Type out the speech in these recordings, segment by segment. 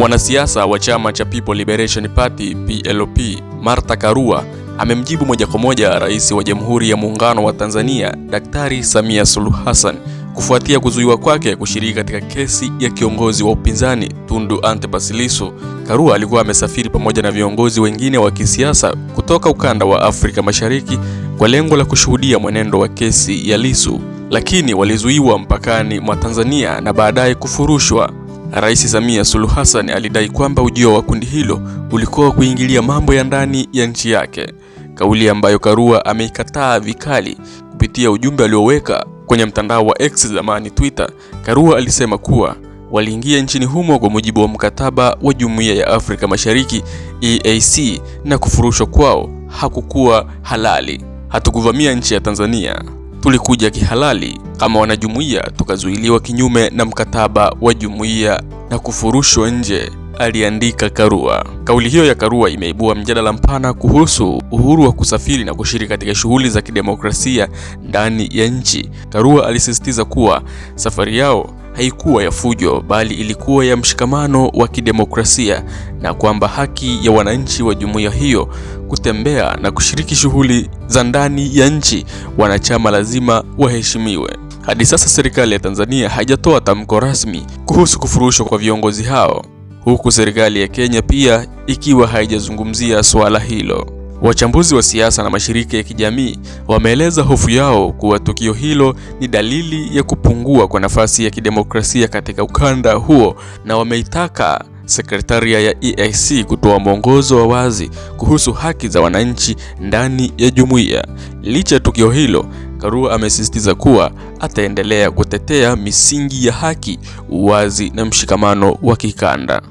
Mwanasiasa wa chama cha People Liberation Party PLP, Martha Karua amemjibu moja kwa moja Rais wa Jamhuri ya Muungano wa Tanzania Daktari Samia Suluhu Hassan kufuatia kuzuiwa kwake kushiriki katika kesi ya kiongozi wa upinzani Tundu Antipas Lissu. Karua alikuwa amesafiri pamoja na viongozi wengine wa kisiasa kutoka ukanda wa Afrika Mashariki kwa lengo la kushuhudia mwenendo wa kesi ya Lissu, lakini walizuiwa mpakani mwa Tanzania na baadaye kufurushwa. Rais Samia Suluhu Hassan alidai kwamba ujio wa kundi hilo ulikuwa wa kuingilia mambo ya ndani ya nchi yake, kauli ambayo Karua ameikataa vikali. Kupitia ujumbe alioweka kwenye mtandao wa X zamani Twitter, Karua alisema kuwa waliingia nchini humo kwa mujibu wa mkataba wa Jumuiya ya Afrika Mashariki EAC, na kufurushwa kwao hakukuwa halali. Hatukuvamia nchi ya Tanzania tulikuja kihalali kama wanajumuiya, tukazuiliwa kinyume na mkataba wa jumuiya na kufurushwa nje, aliandika Karua. Kauli hiyo ya Karua imeibua mjadala mpana kuhusu uhuru wa kusafiri na kushiriki katika shughuli za kidemokrasia ndani ya nchi. Karua alisisitiza kuwa safari yao haikuwa ya fujo, bali ilikuwa ya mshikamano wa kidemokrasia na kwamba haki ya wananchi wa jumuiya hiyo kutembea na kushiriki shughuli za ndani ya nchi wanachama lazima waheshimiwe. Hadi sasa serikali ya Tanzania haijatoa tamko rasmi kuhusu kufurushwa kwa viongozi hao, huku serikali ya Kenya pia ikiwa haijazungumzia suala hilo. Wachambuzi wa siasa na mashirika ya kijamii wameeleza hofu yao kuwa tukio hilo ni dalili ya kupungua kwa nafasi ya kidemokrasia katika ukanda huo na wameitaka sekretaria ya EAC kutoa mwongozo wa wazi kuhusu haki za wananchi ndani ya jumuiya. Licha ya tukio hilo, Karua amesisitiza kuwa ataendelea kutetea misingi ya haki, uwazi na mshikamano wa kikanda.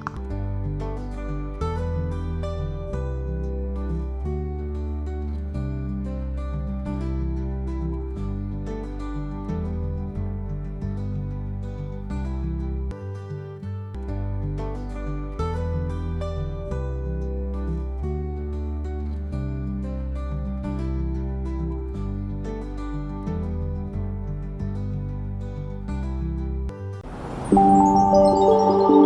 Música